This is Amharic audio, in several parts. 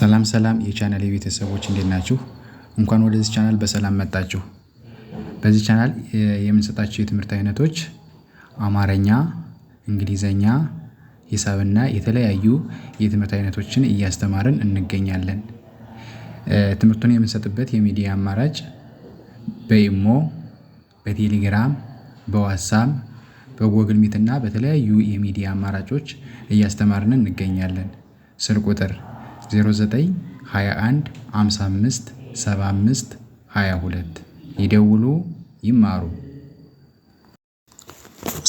ሰላም ሰላም የቻናል የቤተሰቦች እንዴት ናችሁ? እንኳን ወደዚህ ቻናል በሰላም መጣችሁ። በዚህ ቻናል የምንሰጣቸው የትምህርት አይነቶች አማረኛ፣ እንግሊዘኛ፣ ሂሳብና የተለያዩ የትምህርት አይነቶችን እያስተማርን እንገኛለን። ትምህርቱን የምንሰጥበት የሚዲያ አማራጭ በኢሞ፣ በቴሌግራም፣ በዋትሳፕ፣ በጎግል ሚትና በተለያዩ የሚዲያ አማራጮች እያስተማርን እንገኛለን። ስልክ ቁጥር 09 21 55 75 22 ይደውሉ ይማሩ።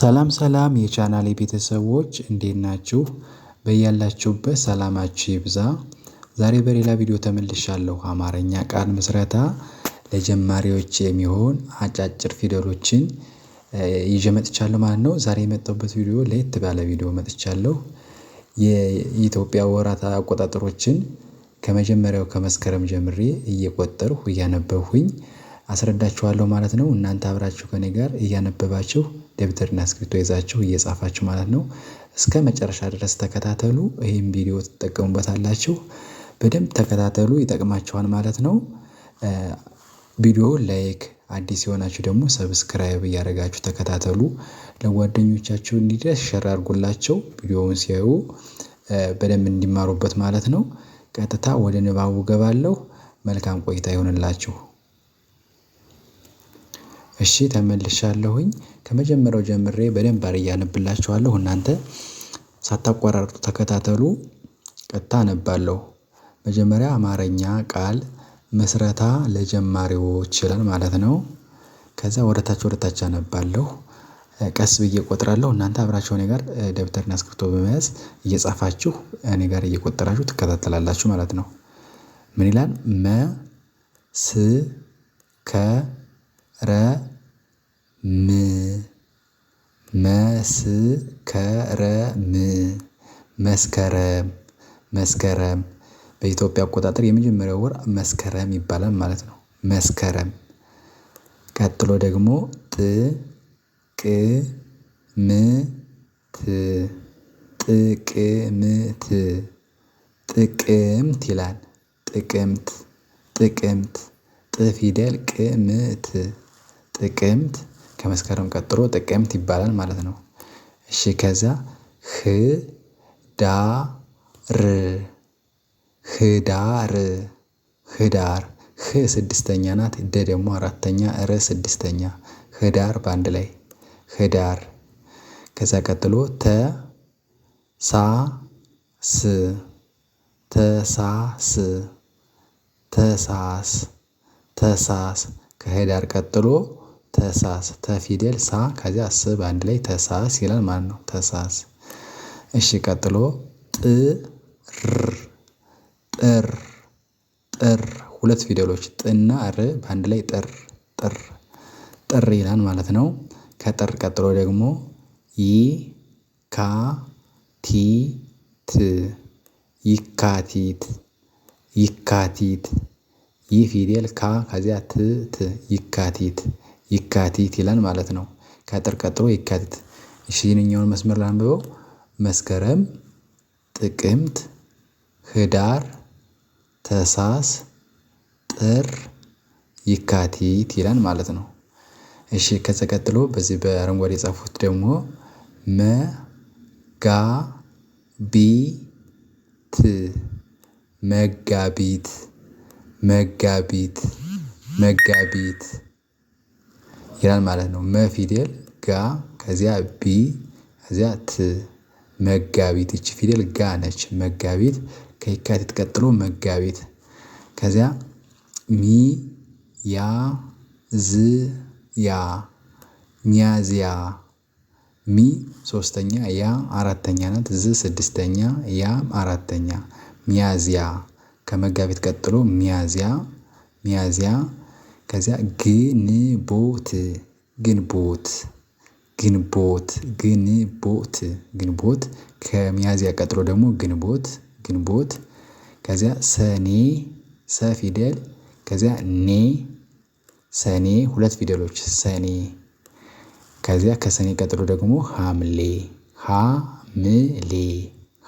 ሰላም ሰላም የቻናሌ ቤተሰቦች እንዴት ናችሁ? በያላችሁበት ሰላማችሁ ይብዛ። ዛሬ በሌላ ቪዲዮ ተመልሻለሁ። አማርኛ ቃል ምስረታ ለጀማሪዎች የሚሆን አጫጭር ፊደሎችን ይዤ መጥቻለሁ ማለት ነው። ዛሬ የመጣሁበት ቪዲዮ ለየት ባለ ቪዲዮ መጥቻለሁ። የኢትዮጵያ ወራት አቆጣጠሮችን ከመጀመሪያው ከመስከረም ጀምሬ እየቆጠርሁ እያነበብሁኝ አስረዳችኋለሁ ማለት ነው። እናንተ አብራችሁ ከኔ ጋር እያነበባችሁ ደብተርና እስክሪብቶ ይዛችሁ እየጻፋችሁ ማለት ነው። እስከ መጨረሻ ድረስ ተከታተሉ ይህም ቪዲዮ ትጠቀሙበታላችሁ በደንብ ተከታተሉ ይጠቅማችኋል ማለት ነው። ቪዲዮ ላይክ አዲስ የሆናችሁ ደግሞ ሰብስክራይብ እያደረጋችሁ ተከታተሉ። ለጓደኞቻችሁ እንዲደርስ ሸር አድርጉላቸው። ቪዲዮውን ሲያዩ በደንብ እንዲማሩበት ማለት ነው። ቀጥታ ወደ ንባቡ ገባለሁ። መልካም ቆይታ ይሆንላችሁ። እሺ ተመልሻለሁኝ። ከመጀመሪያው ጀምሬ በደንብ አድርጌ እያነብላችኋለሁ። እናንተ ሳታቋራርጡ ተከታተሉ። ቀጥታ አነባለሁ። መጀመሪያ አማርኛ ቃል ምስረታ ለጀማሪዎች ይላል ማለት ነው። ከዛ ወደታች ወደታች አነባለሁ። ቀስ ብዬ እቆጥራለሁ እናንተ አብራችሁ እኔ ጋር ደብተርና እስክርብቶ በመያዝ እየጻፋችሁ እኔ ጋር እየቆጠራችሁ ትከታተላላችሁ ማለት ነው። ምን ይላል? መ ስ ከ ረ ም መስከረም መስከረም በኢትዮጵያ አቆጣጠር የመጀመሪያው ወር መስከረም ይባላል ማለት ነው። መስከረም ቀጥሎ ደግሞ ጥቅምት ጥቅምት ጥቅምት ይላል ጥቅምት ጥቅምት ጥፊደል ቅምት ጥቅምት ከመስከረም ቀጥሎ ጥቅምት ይባላል ማለት ነው። እሺ ከዛ ህዳር ህዳር ህዳር ህ ስድስተኛ ናት ደ ደግሞ አራተኛ ረ ስድስተኛ ህዳር በአንድ ላይ ህዳር። ከዛ ቀጥሎ ተ ሳ ስ ተሳስ ተሳስ ተሳስ ከህዳር ቀጥሎ ተሳስ ተፊደል ሳ ከዚያ ስ በአንድ ላይ ተሳስ ይላል ማለት ነው። ተሳስ እሺ ቀጥሎ ጥር ጥር ጥር ሁለት ፊደሎች ጥና ር በአንድ ላይ ጥር ጥር ጥር ይላል ማለት ነው። ከጥር ቀጥሎ ደግሞ ይካቲት ይካቲት ይካቲት ይህ ፊደል ካ ከዚያ ትት ይካቲት ይካቲት ይላል ማለት ነው። ከጥር ቀጥሎ ይካቲት። እሺ ይህንኛውን መስመር ላንብበው። መስከረም ጥቅምት ህዳር ተሳስ ጥር ይካቲት ይላል ማለት ነው። እሺ ከዛ ቀጥሎ በዚህ በአረንጓዴ የጻፉት ደግሞ መ ጋ ቢ ት መጋቢት መጋቢት መጋቢት ይላል ማለት ነው። መ ፊደል ጋ ከዚያ ቢ ከዚያ ት መጋቢት ይቺ ፊደል ጋ ነች መጋቢት ከየካቲት ቀጥሎ መጋቢት ከዚያ ያ ሚያዝያ ሚ ሶስተኛ ያ አራተኛ ናት ዝ ስድስተኛ ያ አራተኛ ሚያዝያ ከመጋቢት ቀጥሎ ሚያዝያ ሚያዝያ ከዚያ ግንቦት ግንቦት ግንቦት ግንቦት ግንቦት ከሚያዝያ ቀጥሎ ደግሞ ግንቦት ግንቦት ከዚያ ሰኔ ሰ ፊደል ከዚያ ኔ ሰኔ ሁለት ፊደሎች ሰኔ ከዚያ ከሰኔ ቀጥሎ ደግሞ ሀምሌ ሀምሌ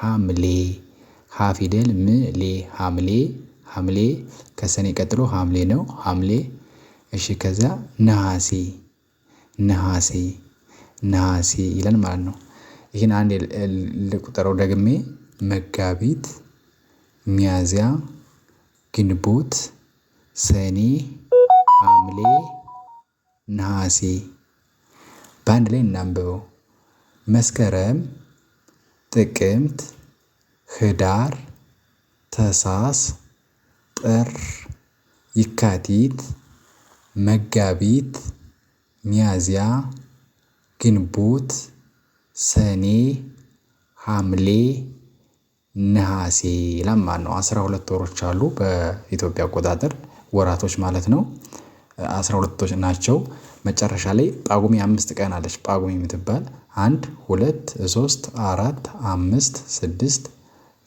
ሀምሌ ሀ ፊደል ምሌ ሀምሌ ሐምሌ ከሰኔ ቀጥሎ ሀምሌ ነው ሀምሌ። እሺ ከዚያ ነሀሴ ነሀሴ ነሀሴ ይላል ማለት ነው። ይህን አንድ ልቁጠረው ደግሜ መጋቢት ሚያዚያ ግንቦት ሰኔ ሀምሌ ነሐሴ። በአንድ ላይ እናንብበው መስከረም ጥቅምት ህዳር ተሳስ ጥር ይካቲት መጋቢት ሚያዚያ ግንቦት ሰኔ ሀምሌ ነሐሴ ይላል ማለት ነው። አስራ ሁለት ወሮች አሉ በኢትዮጵያ አቆጣጠር ወራቶች ማለት ነው። አስራ ሁለቶች ናቸው መጨረሻ ላይ ጳጉሜ አምስት ቀን አለች ጳጉሜ የምትባል አንድ ሁለት ሶስት አራት አምስት ስድስት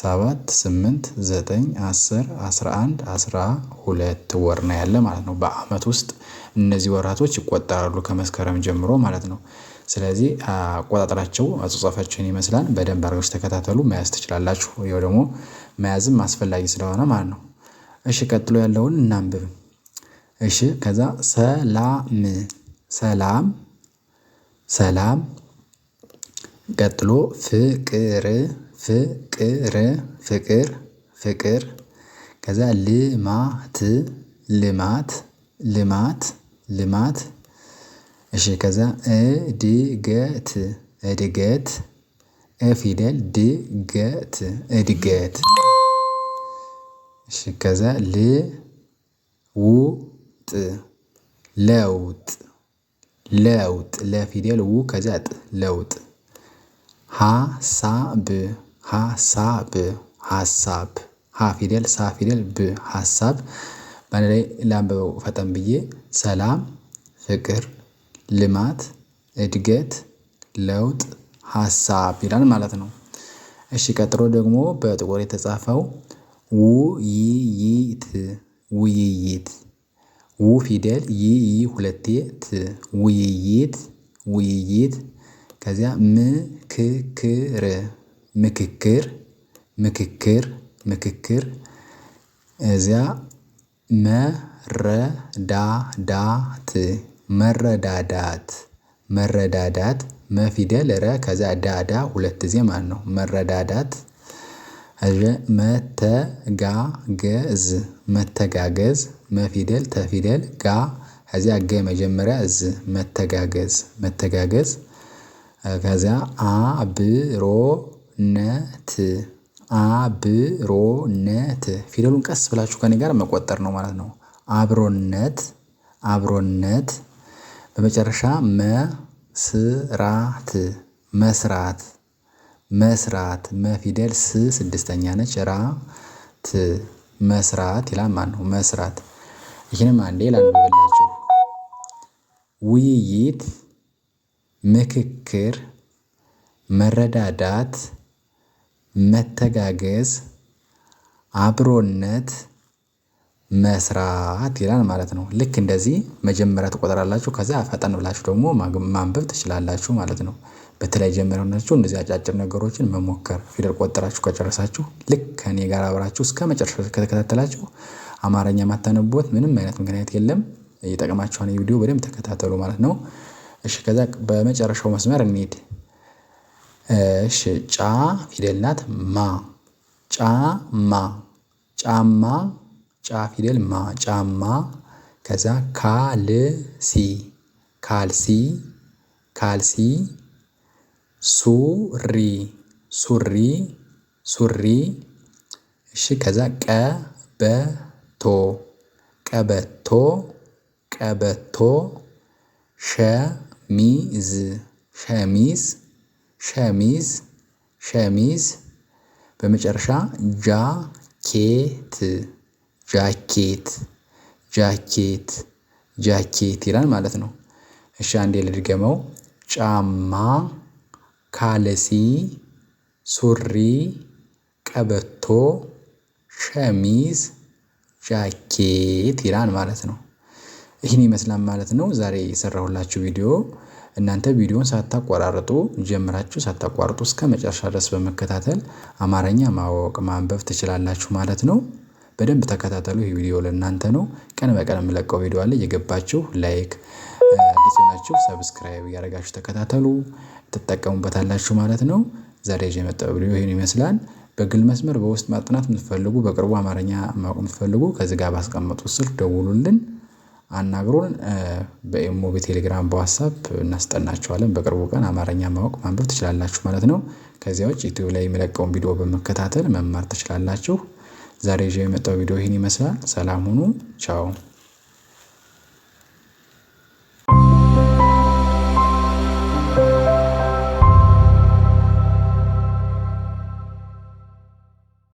ሰባት ስምንት ዘጠኝ አስር አስራ አንድ አስራ ሁለት ወር ነው ያለ ማለት ነው። በአመት ውስጥ እነዚህ ወራቶች ይቆጠራሉ ከመስከረም ጀምሮ ማለት ነው ስለዚህ አቆጣጠራቸው አጽጻፋቸውን ይመስላል በደንብ አድርጋችሁ ተከታተሉ መያዝ ትችላላችሁ ይኸው ደግሞ መያዝም አስፈላጊ ስለሆነ ማለት ነው። እሺ ቀጥሎ ያለውን እናንብብ። እሺ ከዛ ሰላም ሰላም ሰላም ቀጥሎ ፍቅር ፍቅር ፍቅር ፍቅር ከዛ ልማት ልማት ልማት ልማት እሺ ከዛ እድገት እድገት ፊደል ድገት እድገት እሺ ከዛ ል ው ለውጥ ለውጥ ለፊደል ው ከዛ ጥ ለውጥ ሀሳብ ሀሳብ ሀሳብ ሀ ፊደል ሳ ፊደል ብ ሀሳብ በአንድ ላይ ላንብበው ፈጠን ብዬ ሰላም ፍቅር ልማት እድገት ለውጥ ሀሳብ ይላል ማለት ነው። እሺ ቀጥሎ ደግሞ በጥቁር የተጻፈው ውይይት ውይይት ው ፊደል ይይ ሁለቴ ት ውይይት ውይይት ከዚያ ምክክር ምክክር ምክክር ምክክር እዚያ መረዳዳት መረዳዳት መረዳዳት መፊደል ረ ከዛ ዳዳ ሁለት ጊዜ ማለት ነው መረዳዳት። መተጋገዝ መተጋገዝ መፊደል ተፊደል ጋ ከዚያ ገ መጀመሪያ እዝ መተጋገዝ መተጋገዝ። ከዛ አብሮነት አብሮነት ፊደሉን ቀስ ብላችሁ ከኔ ጋር መቆጠር ነው ማለት ነው። አብሮነት አብሮነት በመጨረሻ መስራት መስራት መስራት መፊደል ስ ስድስተኛ ነች ራ ት መስራት ይላል ማለት ነው። መስራት ይህንም አንዴ ላንብብላችሁ። ውይይት፣ ምክክር፣ መረዳዳት፣ መተጋገዝ፣ አብሮነት መስራት ይላል ማለት ነው። ልክ እንደዚህ መጀመሪያ ትቆጥራላችሁ ከዛ ፈጠን ብላችሁ ደግሞ ማንበብ ትችላላችሁ ማለት ነው። በተለይ ጀምር እንደዚህ አጫጭር ነገሮችን መሞከር ፊደል ቆጥራችሁ ከጨረሳችሁ ልክ ከኔ ጋር አብራችሁ መጨረሻ ከተከታተላችሁ አማርኛ የማታነቡበት ምንም አይነት ምክንያት የለም። ይጠቅማችኋል ቪዲዮ በደንብ ተከታተሉ ማለት ነው። እሺ ከዛ በመጨረሻው መስመር እንሂድ። እሺ ጫ ፊደል ናት ማ ጫማ ጫማ ጫ ፊደል ማ ጫማ ከዛ ካልሲ ካልሲ ካልሲ ሱሪ ሱሪ ሱሪ እሺ ከዛ ቀበቶ ቀበቶ ቀበቶ ሸሚዝ ሸሚዝ ሸሚዝ ሸሚዝ በመጨረሻ ጃኬት ጃኬት ጃኬት ጃኬት ይላል ማለት ነው። እሺ አንዴ ልድገመው ጫማ ካልሲ ሱሪ ቀበቶ ሸሚዝ ጃኬት ይላል ማለት ነው። ይህን ይመስላል ማለት ነው። ዛሬ የሰራሁላችሁ ቪዲዮ እናንተ ቪዲዮውን ሳታቆራርጡ ጀምራችሁ ሳታቋርጡ እስከ መጨረሻ ድረስ በመከታተል አማርኛ ማወቅ ማንበብ ትችላላችሁ ማለት ነው በደንብ ተከታተሉ ይህ ቪዲዮ ለእናንተ ነው። ቀን በቀን የምለቀው ቪዲዮ አለ እየገባችሁ ላይክ አዲስ ሆናችሁ ሰብስክራይብ እያደረጋችሁ ተከታተሉ ትጠቀሙበታላችሁ ማለት ነው። ዛሬ ይዤ ቪዲዮ ይህን ይመስላል። በግል መስመር በውስጥ ማጥናት የምትፈልጉ በቅርቡ አማርኛ ማወቅ የምትፈልጉ ከዚህ ጋር ባስቀመጡ ስልክ ደውሉልን አናግሩን። በኢሞ በቴሌግራም በዋትሳፕ እናስጠናችኋለን። በቅርቡ ቀን አማርኛ ማወቅ ማንበብ ትችላላችሁ ማለት ነው። ከዚያ ውጭ ዩቲዩብ ላይ የሚለቀውን ቪዲዮ በመከታተል መማር ትችላላችሁ። ዛሬ ይዤ የመጣው ቪዲዮ ይህን ይመስላል። ሰላም ሁኑ። ቻው